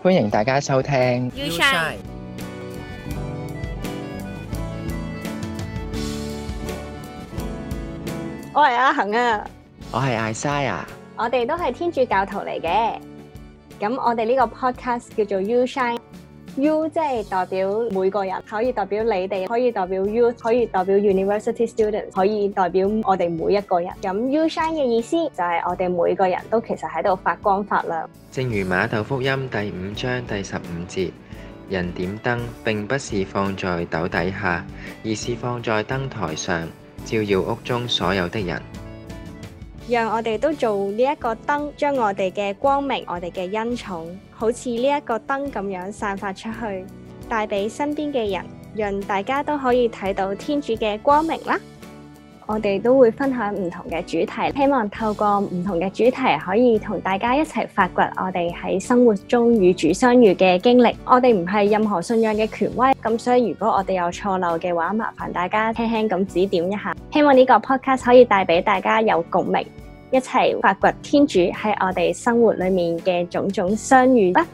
歡迎大家收聽 U Shine。我係阿恒啊，我係艾莎啊，我哋都係天主教徒嚟嘅。咁我哋呢個 podcast 叫做 U Shine。U 即係代表每個人，可以代表你哋，可以代表 you，可以代表 University Students，可以代表我哋每一個人。咁 Ushine 嘅意思就係我哋每個人都其實喺度發光發亮。正如馬竇福音第五章第十五節，人點燈，並不是放在斗底下，而是放在燈台上，照耀屋中所有的人。讓我哋都做呢一個燈，將我哋嘅光明、我哋嘅恩寵，好似呢一個燈咁樣散發出去，帶俾身邊嘅人，讓大家都可以睇到天主嘅光明啦。我哋都會分享唔同嘅主題，希望透過唔同嘅主題，可以同大家一齊發掘我哋喺生活中與主相遇嘅經歷。我哋唔係任何信仰嘅權威，咁所以如果我哋有錯漏嘅話，麻煩大家輕輕咁指點一下。希望呢個 Podcast 可以帶俾大家有共鳴。一齊發掘天主喺我哋生活裏面嘅種種相遇吧。